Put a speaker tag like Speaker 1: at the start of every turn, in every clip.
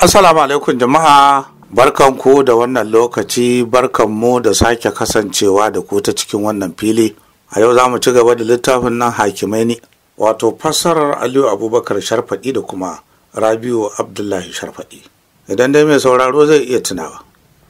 Speaker 1: Assalamu alaikum jama'a ku da wannan lokaci barkan mu da sake kasancewa da ku ta cikin wannan fili a yau za mu ci gaba da littafin nan hakimai ne wato fassarar aliyu abubakar sharfaɗi da kuma rabiu abdullahi sharfaɗi idan dai mai sauraro zai iya tunawa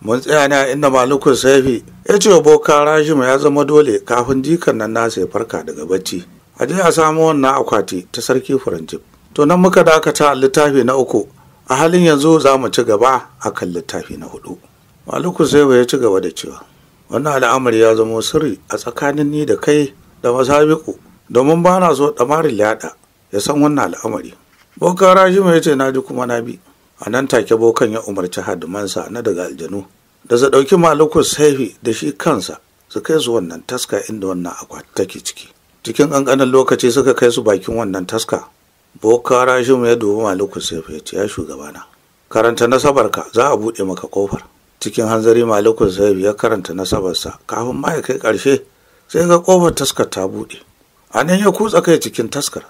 Speaker 1: mun tsaya ne inda malukun saifi ya ce boka rajima ya zama dole kafin jikan nan nasa ya farka daga bacci a je a samo wannan akwati ta sarki furanjib to nan muka dakata a littafi na uku a halin yanzu za mu ci gaba a kan littafi na hudu maluku sai ya ci gaba da cewa wannan al'amari ya zama sirri a tsakanin ni da kai da masabiku domin ba na so damarin liyaɗa ya san wannan al'amari bokan rashi mai ce na ji kuma na bi a nan take bokan ya umarci hadimansa na daga aljanu da su ɗauki maluku saifi da shi kansa su kai su wannan taska inda wannan akwati take ciki cikin ƙanƙanin lokaci suka kai su bakin wannan taska boka mu ya dubi maliku sefe ya ce ya shugabana karanta nasabarka za a buɗe maka kofar cikin hanzari maliku sefe ya karanta nasabarsa kafin ma ya kai ƙarshe sai ga ƙofar taskar ta buɗe a nan ya kutsa kai cikin taskar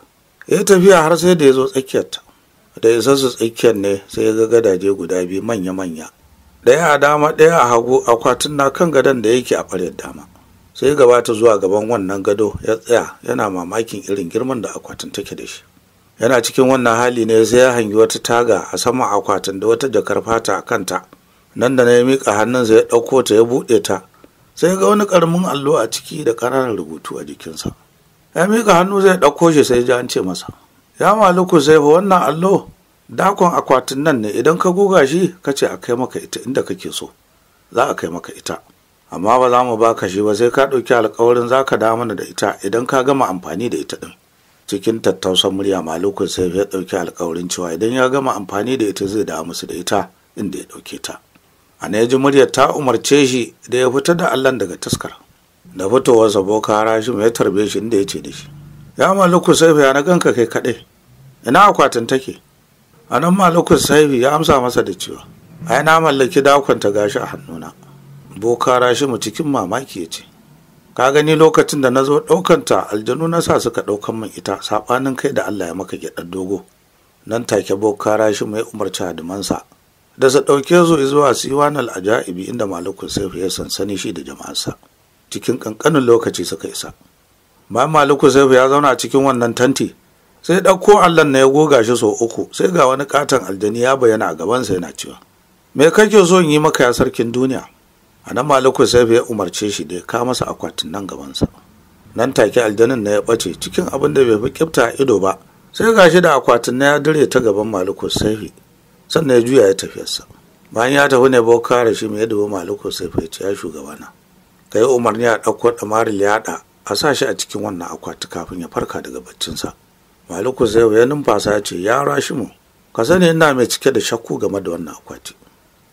Speaker 1: ya tafiya har sai da ya zo tsakiyarta da ya tsakiyar ne sai ya ga gadaje guda biyu manya-manya ɗaya a dama ɗaya a hagu akwatin na kan gadon da yake a ɓaryar dama sai gabata zuwa gaban wannan gado ya tsaya yana mamakin irin girman da akwatin take da shi yana cikin wannan hali ne sai ya hangi wata taga a saman akwatin da wata jakar fata a kanta nan da na ya miƙa hannunsa ya ɗauko ta ya buɗe ta sai ga wani ƙaramin allo a ciki da ƙananan rubutu a jikinsa ya miƙa hannu zai ɗauko shi sai ji an ce masa ya maluku sai fa wannan allo dakon akwatin nan ne idan ka goga shi ka ce a kai maka ita inda kake so za a kai maka ita amma ba za mu baka shi ba sai ka ɗauki alkawarin za ka da mana da ita idan ka gama amfani da ita ɗin cikin tattausan murya malikun sai ya ɗauki alkawarin cewa idan ya gama amfani da ita zai dawo musu da ita inda ya ɗauke ta a ne ji muryar ta umarce shi da ya fita da allan daga taskar da fitowarsa boka harashin ya tarbe shi inda ya ce da shi ya malikun sai ya na ganka kai kaɗai ina akwatin take a nan sai ya amsa masa da cewa ai na mallaki dakon ta gashi a hannuna boka rashi mu cikin mamaki ya ce ka gani lokacin da na zo ɗaukanta aljanu na sa suka ɗaukan min ita saɓanin kai da allah ya maka gyaɗar dogo nan take boka shi mai umarci hadimansa da su ɗauke su zuwa siwan aja'ibi, inda malikun saifu ya sansani shi da jama'arsa cikin ƙanƙanin lokaci suka isa Ba malikun saifu ya zauna cikin wannan tanti sai ɗauko allon na ya goga shi sau uku sai ga wani katon aljani ya bayyana a gabansa yana cewa me kake so in yi maka ya sarkin duniya a nan maliku sai ya umarce shi da ya kawo masa akwatin nan gabansa nan take aljanin na ya ɓace cikin abin da bai fi kyafta ido ba sai gashi da akwatin na ya dire ta gaban maliku sai sannan ya juya ya tafi tafiyarsa bayan ya tafi ne bau kare shi mai dubu maliku saifi ya ce ya shugabana ka yi umarni a ɗauko ɗamarin liyaɗa a sa shi a cikin wannan akwati kafin ya farka daga baccinsa maliku sai ya numfasa ya ce ya rashi mu ka sani ina mai cike da shakku game da wannan akwati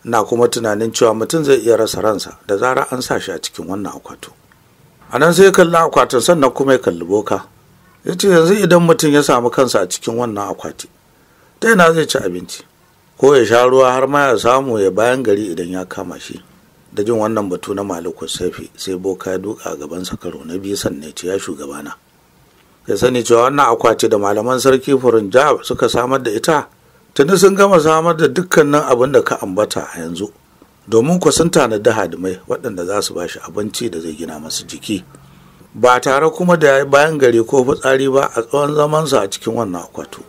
Speaker 1: na kuma tunanin cewa mutum zai iya rasa ransa da zara an sa shi a cikin wannan akwato a nan sai ya kalli akwatin sannan kuma ya kalli boka ya ce yanzu idan mutum ya samu kansa a cikin wannan akwati ta yana zai ci abinci ko ya sha ruwa har ma ya samu ya bayan gari idan ya kama shi da jin wannan batu na maliku saifi sai boka ya duka a gabansa karo na biyu sannan ce ya shugabana ya sani cewa wannan akwati da malaman sarki furin suka samar da ita tuni sun gama samar da dukkanin abin da ka ambata a yanzu domin ku sun tanadi hadimai waɗanda za su bashi abinci da zai gina masu jiki ba tare kuma da bayan gari ko fitsari ba a tsawon zamansa a cikin wannan akwatu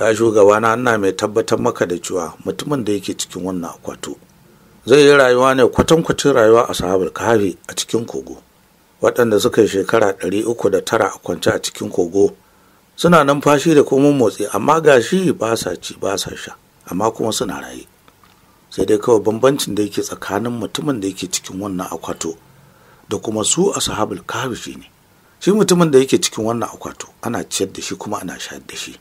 Speaker 1: ya shugabana ina mai tabbatar maka da cewa mutumin da yake cikin wannan akwatu zai yi rayuwa ne kwatankwacin rayuwa a sahabar kahafi a cikin kogo waɗanda suka yi shekara ɗari uku da tara a kwance a cikin kogo suna numfashi da komin motsi amma ga shi ba sa ci ba sa sha amma kuma suna raye sai dai kawai bambancin da yake tsakanin mutumin da yake cikin wannan akwato da kuma su a kahfi shi ne shi mutumin da yake cikin wannan akwato ana ciyar da shi kuma ana shayar da shi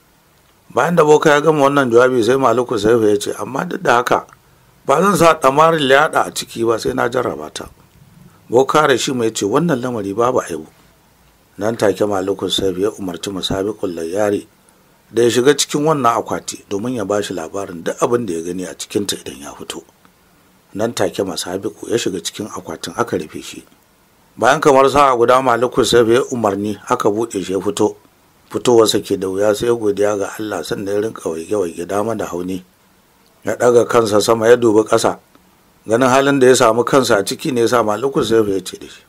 Speaker 1: bayan da boka ya gama wannan jawabi sai maluku saifa ya ce amma duk da haka ba zan sa ɗamarin liyaɗa a ciki ba sai na jarraba ta boka ya shi mai ce wannan lamari babu aibu nan take malikun sabi ya umarci musabiqul layyari da ya shiga cikin wannan akwati domin ya bashi labarin duk abin da ya gani a cikin ta idan ya fito nan take masabiku ya shiga cikin akwatin aka rufe shi bayan kamar sa'a guda malikun sabi ya umarni aka buɗe shi ya fito fitowarsa ke da wuya sai ya godiya ga Allah sannan ya rinka waige-waige dama da hauni ya ɗaga kansa sama ya dubi ƙasa ganin halin da ya samu kansa a ciki ne ya sa malikun sabi ya ce da shi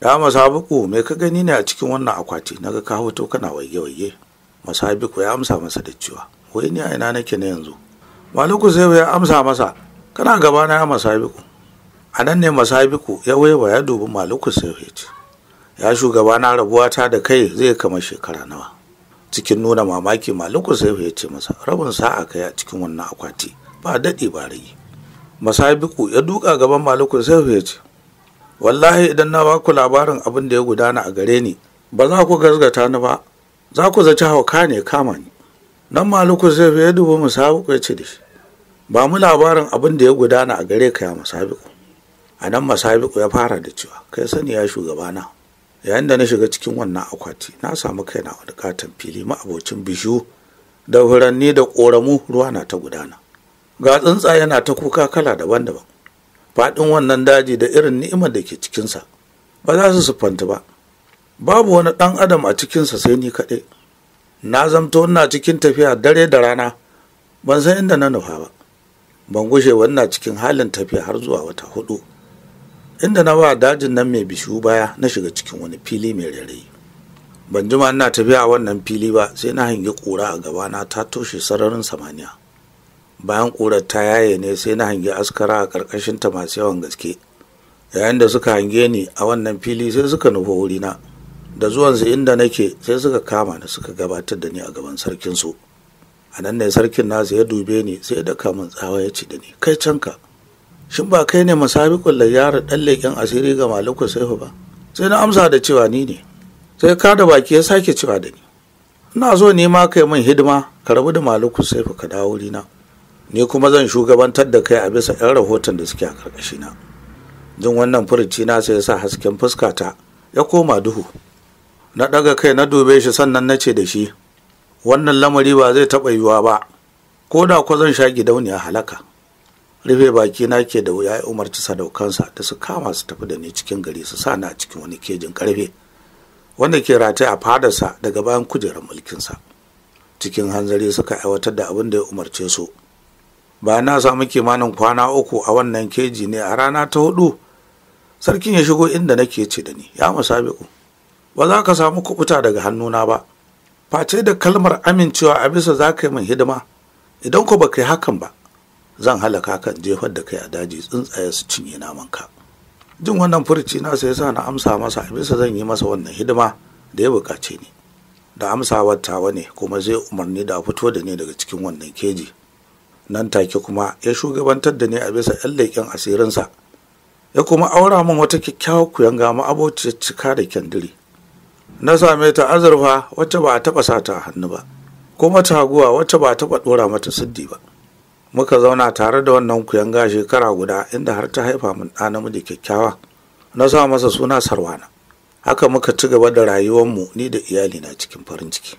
Speaker 1: ya masabiku me ka gani ne a cikin wannan akwati Naga ka hoto kana waige-waige masabiku ya amsa masa da cewa wai ni a ina nake na yanzu maluku sai ya amsa masa kana gaba na masabiku a nan ne masabiku ya waiwa ya dubi maluku sai ya ce ya shugaba na rabuwata da kai zai kama shekara nawa cikin nuna mamaki maluku sai ya ce masa rabin sa'a kai a cikin wannan akwati ba daɗi ba rage masabiku ya duka gaban maluku sai ya ce wallahi idan na baku labarin abin da ya gudana a gare ni ba za ku gazgata ni ba za ku zaci hauka ne kama ni nan maluku zai ya dubu musabiku ya ce da shi ba mu labarin abin da ya gudana a gare ka ya musabiku a nan musabiku ya fara da cewa kai sani ya shugabana yayin da na shiga cikin wannan akwati na samu kaina wani katon fili ma'abocin bishiyu da furanni da ƙoramu ruwa na ta gudana ga tsuntsaye na ta kuka kala daban-daban faɗin wannan daji da irin ni'imar da ke cikinsa ba za su siffanta ba babu wani ɗan adam a cikinsa sai ni kaɗai na zamto ina cikin tafiya dare da rana ban san inda na nufa ba ban gushe wannan cikin halin tafiya har zuwa wata hudu inda na ba dajin nan mai bishiyu baya na shiga cikin wani fili mai rairayi ban jima ina tafiya a wannan fili ba sai na hangi ƙura a gabana ta toshe sararin samaniya bayan ƙurar ta yaye ne sai na hangi askara a ƙarƙashin ta masu yawan gaske yayin da suka hange ni a wannan fili sai suka wuri wurina da zuwansu inda nake sai suka kama ni suka gabatar da ni a gaban sarkinsu a nan ne sarkin nasu ya dube ni sai da kamun tsawa ya ci da ni kai canka shin ba kai ne masabiƙun layyarar ɗan leƙen asiri ga malikun saifu ba sai na amsa da cewa ni ne sai ka da baki ya sake cewa da ni ina so nema kai min hidima ka rabu da malikun saifu ka dawo wurina ni kuma zan shugabantar da kai a bisa 'yan rahoton da suke a ƙarƙashina jin wannan furuci na sai sa hasken fuska ta ya koma duhu na ɗaga kai na dube shi sannan na ce da shi wannan lamari ba zai taɓa yiwuwa ba ko da ko zan sha gidauniya halaka rufe baki na ke da wuya ya umarci sadaukansa da su kama su tafi da ni cikin gari su sa na cikin wani kejin ƙarfe, wanda ke rataye a fadarsa daga bayan kujerar mulkinsa cikin hanzari suka aiwatar da abin da ya umarce su Ba na samu kimanin kwana uku a wannan keji ne a rana ta hudu sarkin ya shigo inda nake ce da ni ya musabiku ba za ka samu kuɓuta daga hannuna ba face da kalmar amincewa a bisa za ka yi min hidima idan ku ba kai hakan ba zan halaka kan jefar da kai a daji tsuntsaye su cinye ka. jin wannan furci na sai sa na amsa masa a bisa zan yi masa wannan hidima da ya bukace ni da amsa wata ne kuma zai umarni da fito da ni daga cikin wannan keji nan take kuma ya shugabantar da ni a bisa 'yan leƙen asirinsa ya kuma aura min wata kyakkyawar kuyanga ma'abociyar cika da kyandiri na same ta azurfa wacce ba a taɓa sata a hannu ba kuma taguwa wacce ba a taɓa ɗora mata siddi ba muka zauna tare da wannan kuyanga shekara guda inda har ta haifa min ɗa namiji kyakkyawa na sa masa suna sarwana haka muka ci gaba da rayuwarmu ni da iyalina cikin farin ciki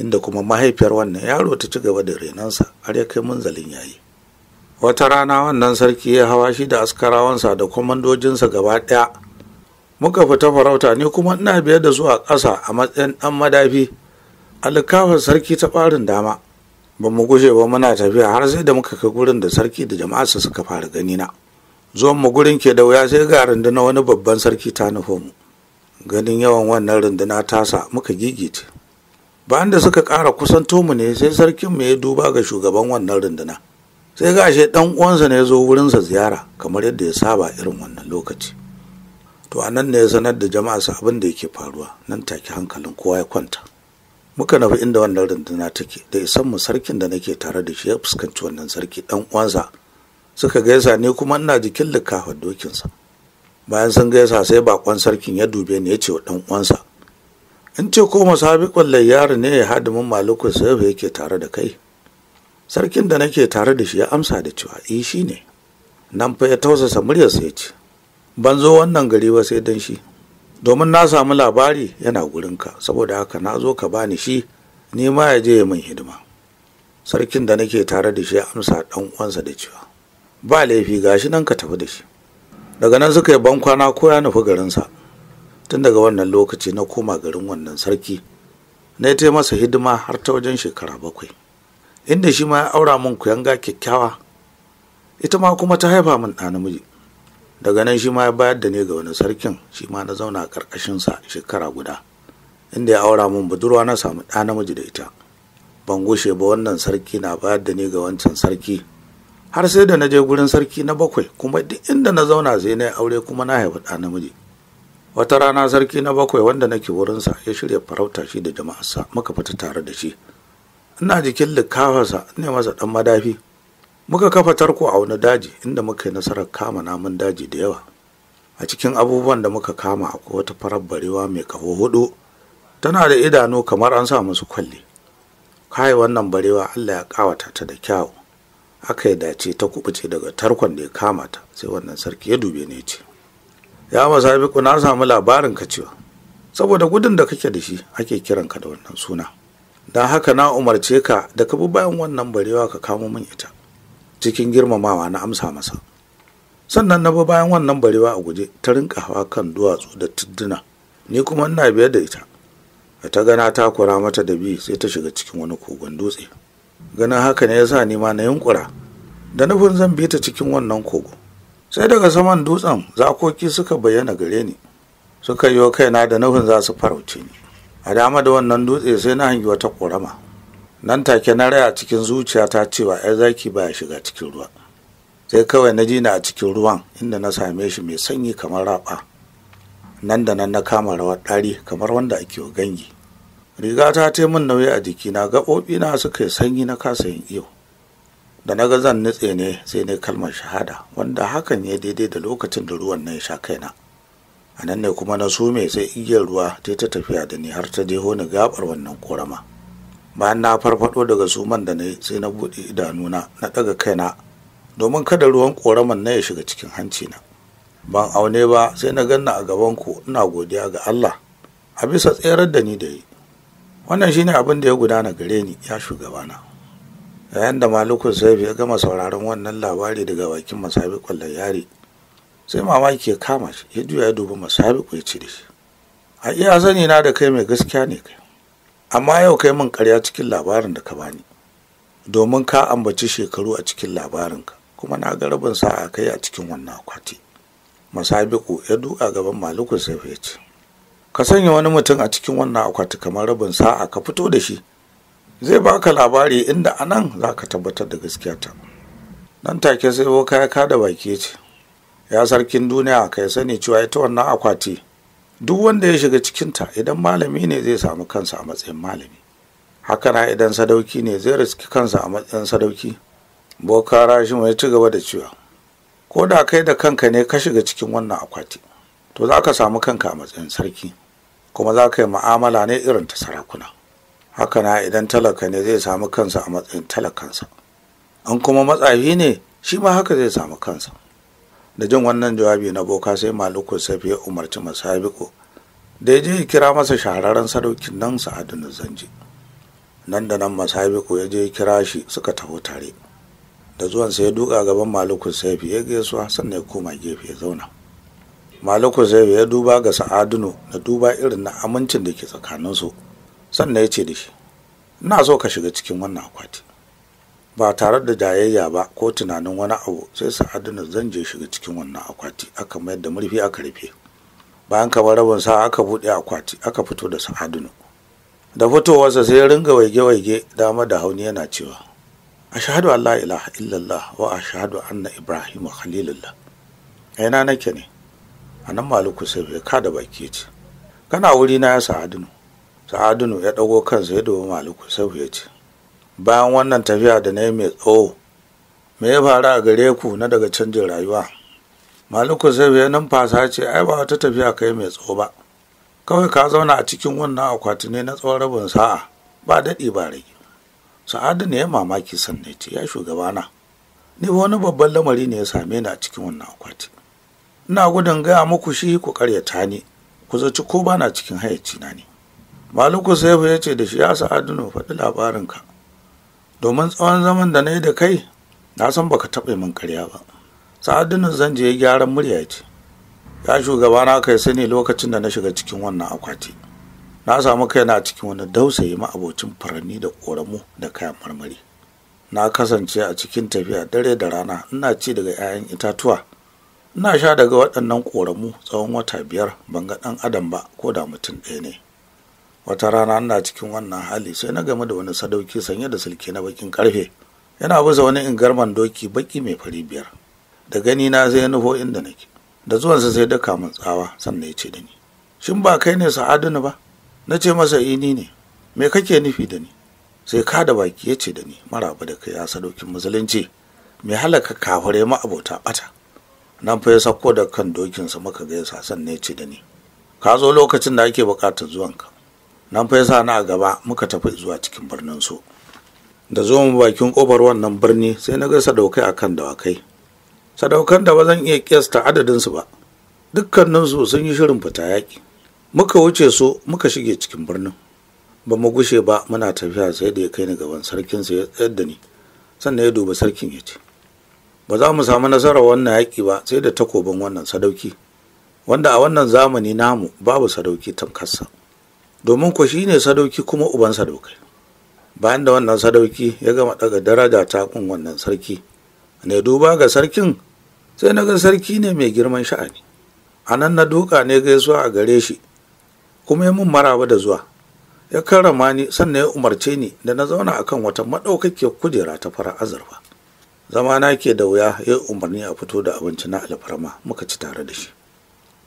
Speaker 1: inda kuma mahaifiyar wannan yaro ta ci gaba da renansa har ya kai munzalin yayi wata rana wannan sarki ya hawa shi da askarawansa da kwamandojinsa gaba ɗaya muka fita farauta ne kuma ina biyar da su a ƙasa a matsayin ɗan madafi alkafar sarki ta ɓarin dama ba mu gushe ba muna tafiya har sai da muka kai gurin da sarki da jama'arsa suka fara gani na zuwan mu gurin ke da wuya sai ga runduna wani babban sarki ta nufo mu ganin yawan wannan runduna tasa muka gigice bayan da suka kara kusan mu ne sai sarkin mu ya duba ga shugaban wannan runduna sai gashe dan uwansa ne ya zo wurin sa ziyara kamar yadda ya saba irin wannan lokaci to a nan ne ya sanar da jama'a su abin da yake faruwa nan take hankalin kowa ya kwanta muka nufi inda wannan runduna take da isan mu sarkin da nake tare da shi ya fuskanci wannan sarki ɗan uwansa suka gaisa ne kuma ina jikin likafar dokinsa bayan sun gaisa sai bakon sarkin ya dube ni ya ce wa dan uwansa in ce ko musabiqul layyar ne ya haɗu hadimin malikul sayf yake tare da kai sarkin da nake tare da shi ya amsa da cewa eh shi ne nan fa ya tausasa muryar sai ce ban zo wannan gari ba sai dan shi domin na samu labari yana gurinka saboda haka na zo ka bani shi ni ma ya je min hidima sarkin da nake tare da shi ya amsa dan uwansa da cewa ba laifi gashi nan ka tafi da shi daga nan suka yi bankwana ko ya nufi garinsa tun daga wannan lokaci na koma garin wannan sarki na yi masa hidima har ta wajen shekara bakwai inda shi ma ya aura min kuyanga kyakkyawa ita ma kuma ta haifa min ɗa namiji daga nan shi ma ya bayar da ni ga wani sarkin shi ma na zauna a ƙarƙashinsa shekara guda inda ya aura min budurwa na samu ɗa namiji da ita ban gushe ba wannan sarki na bayar da ni ga wancan sarki har sai da na je gurin sarki na bakwai kuma duk inda na zauna sai na aure kuma na haifa ɗa namiji wata rana sarki na bakwai wanda nake wurinsa ya shirya farauta shi da jama'arsa muka fita tare da shi ina jikin likafarsa ne masa ɗan madafi muka kafa tarko a wani daji inda muka yi nasarar kama namun daji da yawa a cikin abubuwan da muka kama akwai wata farar barewa mai kaho hudu tana da idanu kamar an sa musu kwalli kai wannan barewa allah ya kawata ta da kyawu aka yi dace ta kubuce daga tarkon da ya kama ta sai wannan sarki ya dube ne ce ya masabiku na samu labarin ka cewa saboda gudun da kake da shi ake kiran ka da wannan suna Da haka na umarce ka da ka bi bayan wannan barewa ka kamo min ita cikin girmamawa na amsa masa sannan na bi bayan wannan barewa a guje ta rinka hawa kan duwatsu da tudduna ni kuma ina biyar da ita da ta gana ta kura mata da bi sai ta shiga cikin wani kogon dutse ganin haka ne ya sa ni ma na yunkura da nufin zan bi ta cikin wannan kogo sai daga saman dutsen zakoki suka bayyana gare ni suka yi wa kaina da nufin za su farauce ni a dama da wannan dutse sai na hangi wata ƙorama nan take na raya cikin zuciya ta cewa ‘yar zaki baya shiga cikin ruwa sai kawai na ji na a cikin ruwan inda na same shi mai sanyi kamar raɓa nan da nan na kama rawar ɗari kamar wanda ake wa gangi rigata ta taimun nauyi a jikina gaɓoɓina suka yi sanyi na kasa yin iyo da na ga zan nutse ne sai ne kalmar shahada wanda hakan ya daidai da lokacin da ruwan nan ya sha kaina a nan ne kuma na sume sai igiyar ruwa ta ta tafiya da ni har ta je ni gabar wannan korama bayan na farfado daga suman da na yi sai na buɗe idanuna na ɗaga kaina domin kada ruwan koraman na ya shiga cikin hanci na ban aune ba sai na ganna a gaban ku ina godiya ga Allah a bisa tserar da ni da yi wannan shine abin da ya gudana gare ni ya shugabana yayin da malikun saifi ya gama sauraron wannan labari daga bakin masabi kwallon yari sai mamaki ya kama shi ya juya ya dubi masabi ya ci da shi a iya sani na da kai mai gaskiya ne kai amma yau kai min karya cikin labarin da ka bani domin ka ambaci shekaru a cikin labarinka kuma na ga rabin sa sa'a kai a cikin wannan akwati masabiku ya duka gaban malikun saifi ya ce ka sanya wani mutum a cikin wannan akwati kamar rabin sa'a ka fito da shi zai baka labari inda anan za ka tabbatar da ta. nan take sai boka ya kada baki ce ya sarkin duniya ka sani cewa ita wannan akwati duk wanda ya shiga cikinta idan malami ne zai samu kansa a matsayin malami haka na idan sadauki ne zai riski kansa a matsayin sadauki boka rashi ya ci gaba da cewa ko da kai da kanka ne ka shiga cikin wannan akwati to za ka samu kanka a matsayin sarki kuma za ka yi mu'amala ne irin ta sarakuna haka na idan talaka ne zai samu kansa a matsayin talakansa an kuma matsafi ne shi ma haka zai samu kansa da jin wannan jawabi na boka sai maluku safi ya umarci masabiku da ya je ya kira masa shahararren sadaukin nan sa'adun zanji nan da nan masabiku ya je ya kira shi suka taho tare da zuwan sai ya duka gaban maluku safi ya gaisuwa sannan ya koma gefe ya zauna maluku safi ya duba ga sa'adunu na duba irin na amincin da ke tsakaninsu sannan ya ce da shi ina so ka shiga cikin wannan akwati ba tare da jayayya ba ko tunanin wani abu sai sa'aduna zan je shiga cikin wannan akwati aka mayar da murfi aka rufe bayan kamar rabin sa aka buɗe akwati aka fito da sa'adunu da fitowarsa sai ya ringa waige-waige dama da hauni yana cewa ashhadu an la ilaha illallah wa ashhadu anna ibrahim khalilullah ina nake ne a nan maluku sai bai da baki ce kana wuri na ya sa'adunu sa'adunu ya ɗago kansa ya dubi maliku sau ya ce bayan wannan tafiya da na yi mai tsawo me ya faru a gare ku na daga canjin rayuwa maliku sai ya numfasa ce ai ba wata tafiya kai mai tsawo ba kawai ka zauna a cikin wannan akwati ne na tsawon rabin sa'a ba daɗi ba rage sa'adu ne ya mamaki sannan ce ya shugaba na. ni wani babban lamari ne ya same ni a cikin wannan akwati ina gudun gaya muku shi ku karyata ni ku zaci ko bana cikin hayacina ne maluku saifu ya ce da shi ya sa'adunu faɗi labarin ka. domin tsawon zaman da na yi da kai na san baka taɓa min karya ba sa'adunu zan je gyaran murya ce ya shugaba na kai sani lokacin da na shiga cikin wannan akwati na samu kaina cikin wani dausayi ma'abocin furanni da ƙoramu da kayan marmari na kasance a cikin tafiya dare da rana ina ci daga 'ya'yan itatuwa ina sha daga waɗannan ƙoramu tsawon wata biyar ban ga ɗan adam ba ko da mutum ɗaya ne wata rana ina cikin wannan hali sai na game da wani sadauki sanye da silke na bakin karfe yana busa wani ingarman doki baki mai fari biyar da gani na zai nufo inda nake da zuwansa sai daka min tsawa sannan ya ce da ni shin ba kai ne sa'aduna ba na ce masa ini eh, ne me kake nufi da ni sai ka da baki ya ce da ni mara ba da kai ya sadaukin musulunci mai halaka ma abota bata nan fa ya sako da kan dokinsa muka gaisa sannan ya ce da ni ka zo lokacin da ake bukatar zuwanka nan fa yasa na a gaba muka tafi zuwa cikin birnin su da zo mu bakin kofar wannan birni sai na ga sadaukai akan dawakai sadaukan da ba zan iya kiyasta adadin su ba dukkaninsu sun yi shirin fita yaki muka wuce su muka shige cikin birnin ba mu gushe ba muna tafiya sai da ya kai ni gaban sarkinsa ya tsayar da ni sannan ya duba sarkin ya ce ba za mu samu nasarar wannan yaki ba sai da takobin wannan sadauki wanda a wannan zamani namu babu sadauki tamkarsa domin ku shi ne sadauki kuma uban sadaukai bayan da wannan sadauki ya gama daga daraja ta kun wannan sarki ne duba ga sarkin sai na ga sarki ne mai girman sha'ani a nan na duka ne gaisuwa a gare shi kuma ya mun maraba da zuwa ya karrama ni sannan ya umarce ni da na zauna a kan wata maɗaukakiyar kujera ta fara azurfa Zama na ke da wuya ya umarni a fito da abinci na alfarma muka ci tare da shi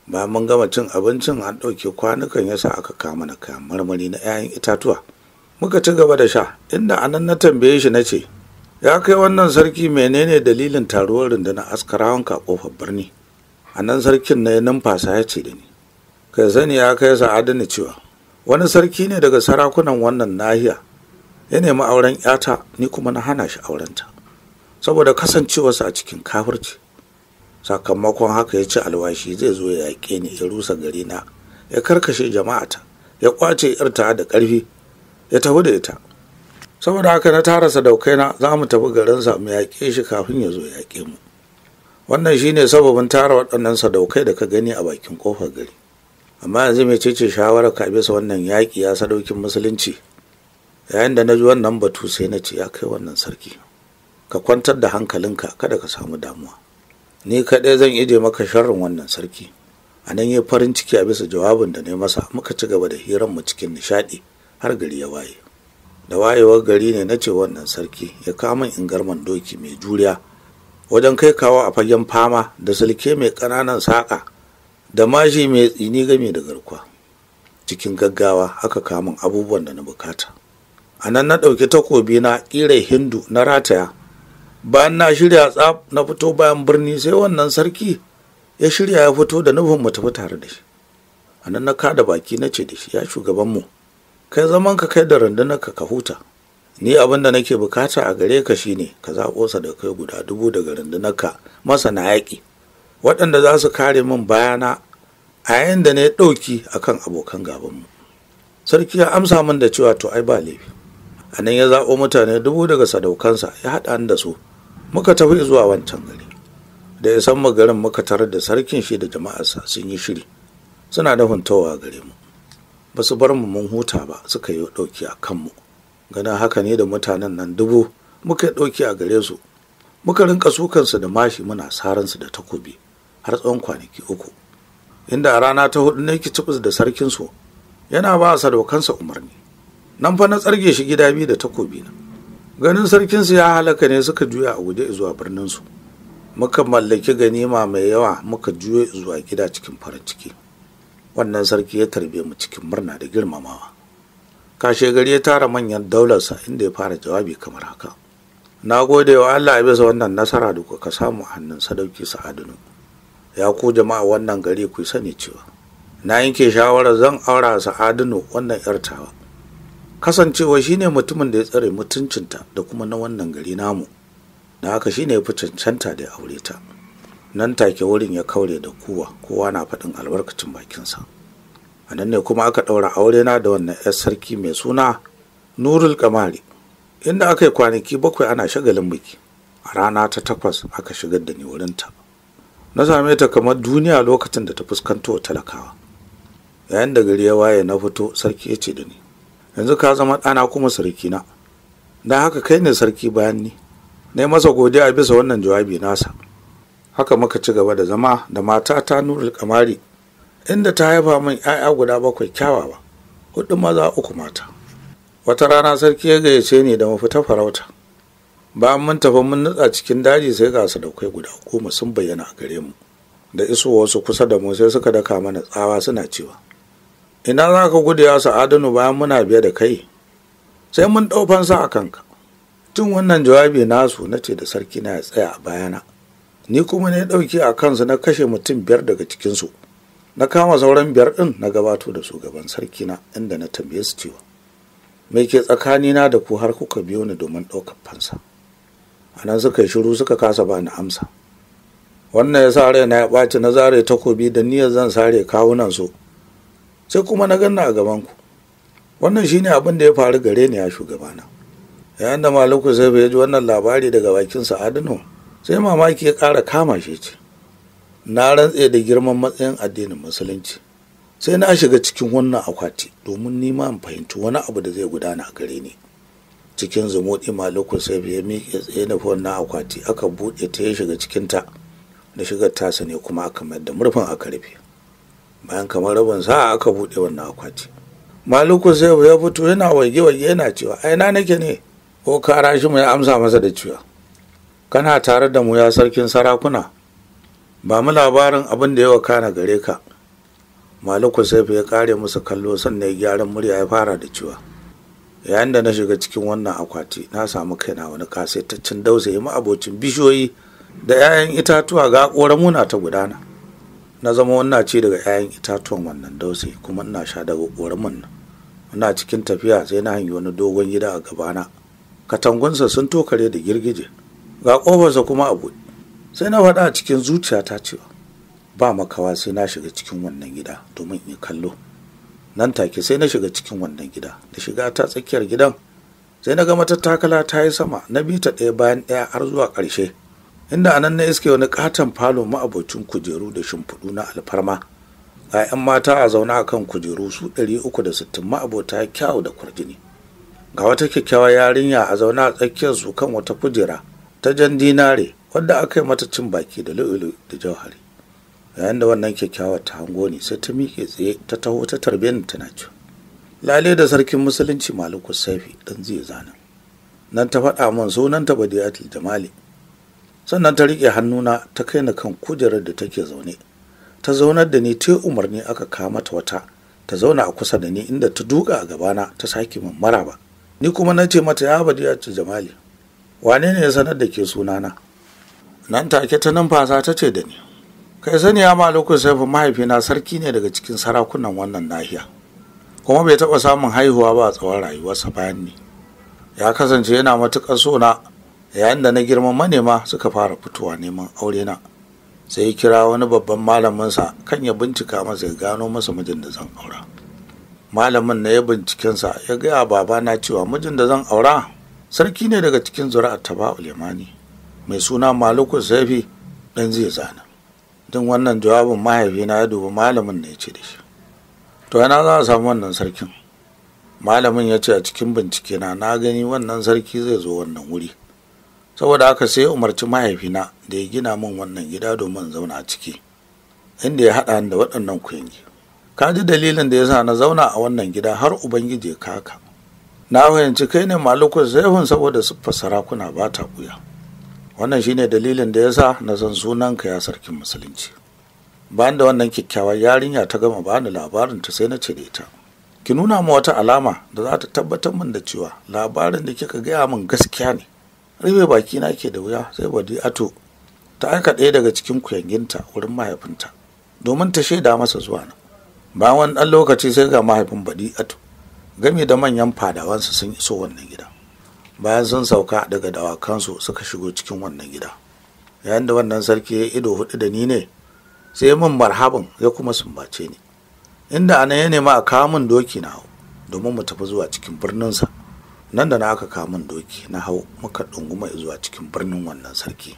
Speaker 1: bayan mun gama cin abincin an ɗauke kwanukan ya sa aka kama na kayan marmari na 'ya'yan itatuwa muka ci gaba da sha inda anan na tambaye shi na ce ya kai wannan sarki menene dalilin taruwar rundunar askarawan a kofar birni a nan sarkin na ya numfasa ya ce da ni kai sani ya kai na cewa wani sarki ne daga sarakunan wannan nahiya ya nemi auren yata ni kuma na hana shi aurenta saboda kasancewarsa a cikin kafirci sakamakon haka ya ci alwashi zai zo ya yaƙe ni ya rusa gari na ya karkashe jama'ata ya kwace irta da ƙarfi ya tafi da ita saboda haka na tara sadaukaina za mu tafi garin sa mu yaƙe shi kafin ya zo yaƙe mu wannan shine sababin tara waɗannan sadaukai da ka gani a bakin ƙofar gari amma yanzu mai cece shawarar ka bisa wannan yaƙi ya sadaukin musulunci yayin da na ji wannan batu sai na ce ya kai wannan sarki ka kwantar da hankalinka kada ka samu damuwa ni kaɗai zan ije maka sharrin wannan sarki a nan ya farin ciki a bisa jawabin da na masa muka ci gaba da hiran mu cikin nishaɗi har gari ya waye da wayewar gari ne na ce wannan sarki ya kama in garman doki mai juriya wajen kai kawo a fagen fama da sulke mai ƙananan saƙa da mashi mai tsini game da garkuwa cikin gaggawa aka kamun abubuwan da na bukata a nan na ɗauki takobi na ƙirai hindu na rataya bayan na shirya tsab na fito bayan birni sai wannan sarki ya shirya ya fito da nufin mu tafi tare da shi a na kada baki na ce da shi ya shugaban mu kai zaman ka kai da rundunar ka ka huta ni abin da nake bukata a gare ka shine ka zaɓo kai guda dubu daga rundunar ka masana yaƙi waɗanda za su kare min bayana a yayin da na yi ɗauki akan abokan gabanmu sarki ya amsa min da cewa to ai ba laifi a nan ya zaɓo mutane dubu daga sadaukansa ya haɗa da su muka tafi zuwa wancan gari da isan mu garin muka tarar da sarkin shi da jama'arsa sun yi shiri suna da huntowa gare mu ba su bar mu mun huta ba suka yi ɗauki a kanmu ganin haka ne da mutanen nan dubu muka yi ɗauki a gare su muka rinka sukansu da mashi muna saransu da takobi har tsawon kwanaki uku inda a rana ta hudu ki kicibis da sarkin su, yana ba sadaukansa umarni nan fa na tsarge shi gida biyu da takobi na ganin sarkinsu ya halaka ne suka juya a guje zuwa birninsu muka mallaki ganima mai yawa muka juyo zuwa gida cikin farin ciki wannan sarki ya tarbe mu cikin murna da girmamawa kashe gari ya tara manyan daularsa inda ya fara jawabi kamar haka na gode wa allah ya bisa wannan nasara da kuka samu a hannun sadauki sa'adunu ya ku jama'a wannan gari ku sani cewa na yanke shawarar zan aura sa'adunu wannan yartawa kasancewa shi ne mutumin da ya tsare mutuncinta da kuma na wannan gari namu da haka ne ya fi cancanta da ya aure ta nan take wurin ya kaure da kowa, kowa na faɗin albarkacin bakinsa a nan ne kuma aka ɗaura aure na da wannan 'yar sarki mai suna nurul kamari inda aka yi kwanaki bakwai ana shagalin biki a rana ta takwas aka shigar da ni wurinta na same ta kamar duniya lokacin da ta fuskanto talakawa yayin da gari ya waye na fito sarki ya ce da ni yanzu ka zama ɗana kuma sarkina don haka kai ne sarki bayan ni na masa godiya a bisa wannan jawabi nasa haka muka ci gaba da zama da mata ta nuna kamari inda ta haifa min 'ya'ya guda bakwai kyawawa hudu maza uku mata wata rana sarki ya gayyace ni da mafita ta farauta bayan mun tafi mun nutsa cikin daji sai ga sadaukai guda goma sun bayyana a gare mu da isowarsu kusa da mu sai suka daka mana tsawa suna cewa ina za ka gudu ya bayan muna biya da kai sai mun ɗau fansa a kanka tun wannan jawabi nasu na ce da sarki na ya tsaya a bayana ni kuma ne ɗauki a kansu na kashe mutum biyar daga cikinsu na kama sauran biyar ɗin na gabato da shugaban gaban sarki na inda na tambaye su cewa me ke tsakanina da ku har kuka biyo ni domin ɗaukar fansa a nan suka yi shiru suka kasa ba ni amsa wannan ya sa raina ya ɓaci na zare takobi da niyyar zan sare kawunan su sai kuma na ganna a gabanku wannan shine abin da ya faru gare ni ya shugabana yayin da maluku sai ya ji wannan labari daga bakin adino sai mamaki ya kara kama shi ce na rantse da girman matsayin addinin musulunci sai na shiga cikin wannan akwati domin nima in fahimci wani abu da zai gudana a gare ni cikin zumuɗi maluku sai ya miƙe tsaye na wannan akwati aka buɗe ta ya shiga cikinta da shigar tasa ne kuma aka mayar da murfin aka rufe bayan kamar rabin sa'a aka buɗe wannan akwati maluku sai ya fito yana waige waige yana cewa ai na nake ne ko kara shi mu ya amsa masa da cewa kana tare da mu ya sarkin sarakuna ba mu labarin abin da yawa kana gare ka maluku sai ya kare musu kallo sannan ya gyaran murya ya fara da cewa yayin da na shiga cikin wannan akwati na samu kaina wani kasaitaccen dausayi ma'abocin bishiyoyi da 'ya'yan itatuwa ga ƙoramuna ta gudana na zama wannan ci daga 'ya'yan itatuwan wannan dausi kuma ina sha daga ƙoramin nan ina cikin tafiya sai na hanyar wani dogon gida a gabana katangunsa sun tokare da girgije ga ƙofarsa kuma a buɗe sai na faɗa a cikin zuciyata cewa ba makawa sai na shiga cikin wannan gida domin in kallo nan take sai na shiga cikin wannan gida da shiga ta tsakiyar gidan sai na ga matattakala ta yi sama na bi ta ɗaya bayan ɗaya har zuwa ƙarshe inda anan na iske wani katon falo ma'abocin kujeru da shimfiɗu na alfarma ga 'yan mata a zaune a kan kujeru su 360 ma'abota kyau da kwarjini ga wata kyakkyawar yarinya a zaune a tsakiyar su kan wata kujera ta jan dinare wadda aka yi mata cin baki da lu'ulu da jauhari yayin da wannan kyakkyawa ta hango ne sai ta miƙe tsaye ta taho ta tarbiyyar ta nace. lale da sarkin musulunci maliku saifi dan zai zana nan ta faɗa min sunan ta badiyatul jamali sannan ta riƙe hannuna ta kai na kan kujerar da take zaune ta zaunar da ni ta umarni aka kama ta wata ta zauna a kusa da ni inda ta duka a gabana ta sake min maraba ni kuma na ce mata ya badiya ce jamali wane ne ya sanar da ke sunana nan take ta numfasa ta ce da ni kai sani ya malukun saifu mahaifina sarki ne daga cikin sarakunan wannan nahiya kuma bai taɓa samun haihuwa ba a tsawon rayuwarsa bayan ni ya kasance yana matuƙar so na yayin da na girma manema suka fara fitowa neman aure na sai ya kira wani babban malaminsa kan ya bincika masa ya gano masa mijin da zan aura malamin na ya bincikensa ya gaya babana cewa mijin da zan aura sarki ne daga cikin zuri'ar ba ulemani mai suna maluku zafi dan zai zana jin wannan jawabin mahaifina ya dubi malamin na ya ce da shi to yana za a samu wannan sarkin malamin ya ce a cikin bincike na na gani wannan sarki zai zo wannan wuri saboda haka sai ya umarci mahaifina da ya gina min wannan gida domin zauna a ciki inda ya haɗa da waɗannan kuyangi ka ji dalilin da ya sa na zauna a wannan gida har ubangiji ka haka na fahimci kai ne malikul zaihun saboda siffar sarakuna ba ta ɓuya wannan shine dalilin da ya sa na san sunanka ya sarkin musulunci bayan da wannan kyakkyawar yarinya ta gama bani labarin ta sai na cire ta. ki nuna mu wata alama da za ta tabbatar min da cewa labarin da kika gaya min gaskiya ne rufe baki na ke da wuya sai badi ato ta aika ɗaya daga cikin kuyanginta wurin mahaifinta domin ta shaida masa zuwa nan bayan wani ɗan lokaci sai ga mahaifin badi ato game da manyan fadawansu sun iso wannan gida bayan sun sauka daga dawakansu suka shigo cikin wannan gida yayin da wannan sarki ya ido hudu da ni ne sai min marhaban ya kuma sumbace ni inda anan ya nema a kawo min doki na domin mu tafi zuwa cikin birninsa nan da na aka kamun doki na hau muka ɗunguma zuwa cikin birnin wannan sarki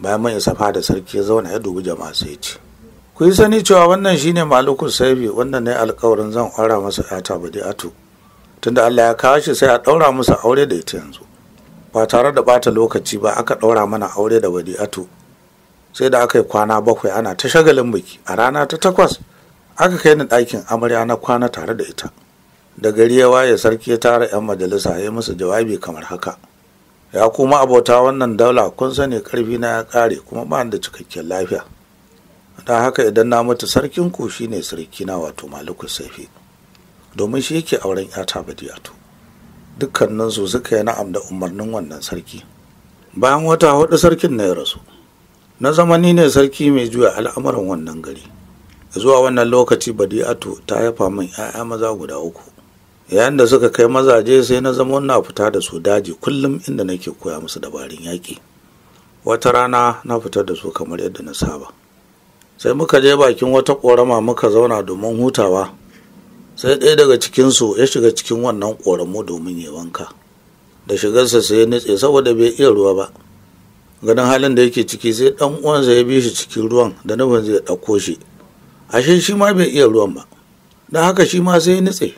Speaker 1: bayan mun isa da sarki ya zauna ya dubi jama'a sai ya ce ku yi sani cewa wannan shine malikul saibi wannan ne alkawarin zan ƙwara masa yata ato, tunda Allah ya kawo shi sai a ɗaura masa aure da ita yanzu ba tare da ɓata lokaci ba aka ɗaura mana aure da ato, sai da aka yi kwana bakwai ana ta shagalin biki a rana ta takwas aka kai ni ɗakin amarya na kwana tare da ita da gari ya waye sarki ya tara 'yan majalisa ya musu jawabi kamar haka ya kuma abota wannan daula kun sani karfi na ya kare kuma ba da cikakken lafiya Na haka idan na mutu sarkin ku shine sarki na wato maliku saifi domin shi yake auren yata badiyatu dukkanin su suka yi na'am da umarnin wannan sarki bayan wata hudu sarkin na ya rasu na zamani ne sarki mai juya al'amuran wannan gari zuwa wannan lokaci badiyatu ta haifa min 'ya'ya maza guda uku yayin da suka kai mazaje sai na zama na fita da su daji kullum inda nake koya musu dabarun yaƙi wata rana na fitar da su kamar yadda na saba sai muka je bakin wata ƙorama muka zauna domin hutawa sai ɗaya daga cikinsu ya shiga cikin wannan ƙoramu domin ya wanka da shigarsa sai ya nutse saboda bai iya ruwa ba ganin halin da yake ciki sai ɗan uwansa ya bi shi cikin ruwan da nufin zai ɗauko shi ashe shi ma bai iya ruwan ba don haka shi ma sai ya nutse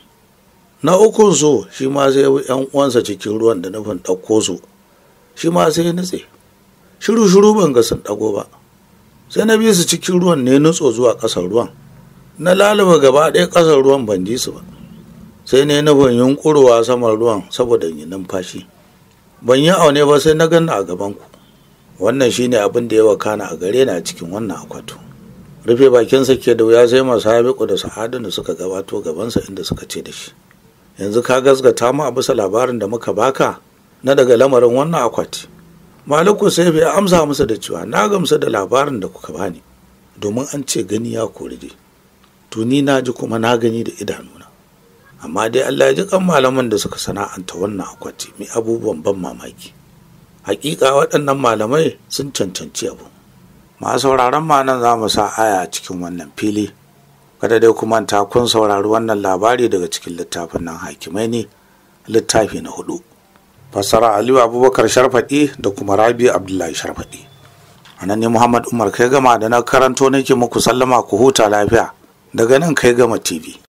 Speaker 1: na ukun su shi ma sai yan uwansa cikin ruwan da nufin ɗauko su shi ma sai nutse shiru shiru ban ga sun ɗago ba sai na bi su cikin ruwan ne nutso zuwa ƙasar ruwan na lalaba gaba ɗaya ƙasar ruwan ban ji su ba sai ne nufin yunƙurwa saman ruwan saboda yi numfashi ban yi aune ba sai na ganna a gabanku wannan shine abin da ya wakana a gare na cikin wannan akwato rufe bakinsa ke da wuya sai masu haɓiku da sa'adun da suka gabato gabansa inda suka ce da shi yanzu ka gasgata mu a bisa labarin da muka baka na daga lamarin wannan akwati maliku sai bai amsa musu da cewa na gamsu da labarin da kuka bani domin an ce gani ya kori dai to ni na ji kuma na gani da idanuna amma dai Allah ya ji kan malaman da suka sana'anta wannan akwati mai abubuwan ban mamaki hakika waɗannan malamai sun cancanci abu masu sauraron ma nan za mu sa aya cikin wannan fili kada dai kuma ta kun saurari wannan labari daga cikin littafin nan hakimai ne littafi na hudu fassara aliyu abubakar sharfadi da kuma rabi abdullahi sharfadi a nan ne muhammad umar kai gama da na karanto nake muku sallama ku huta lafiya daga nan kai gama tv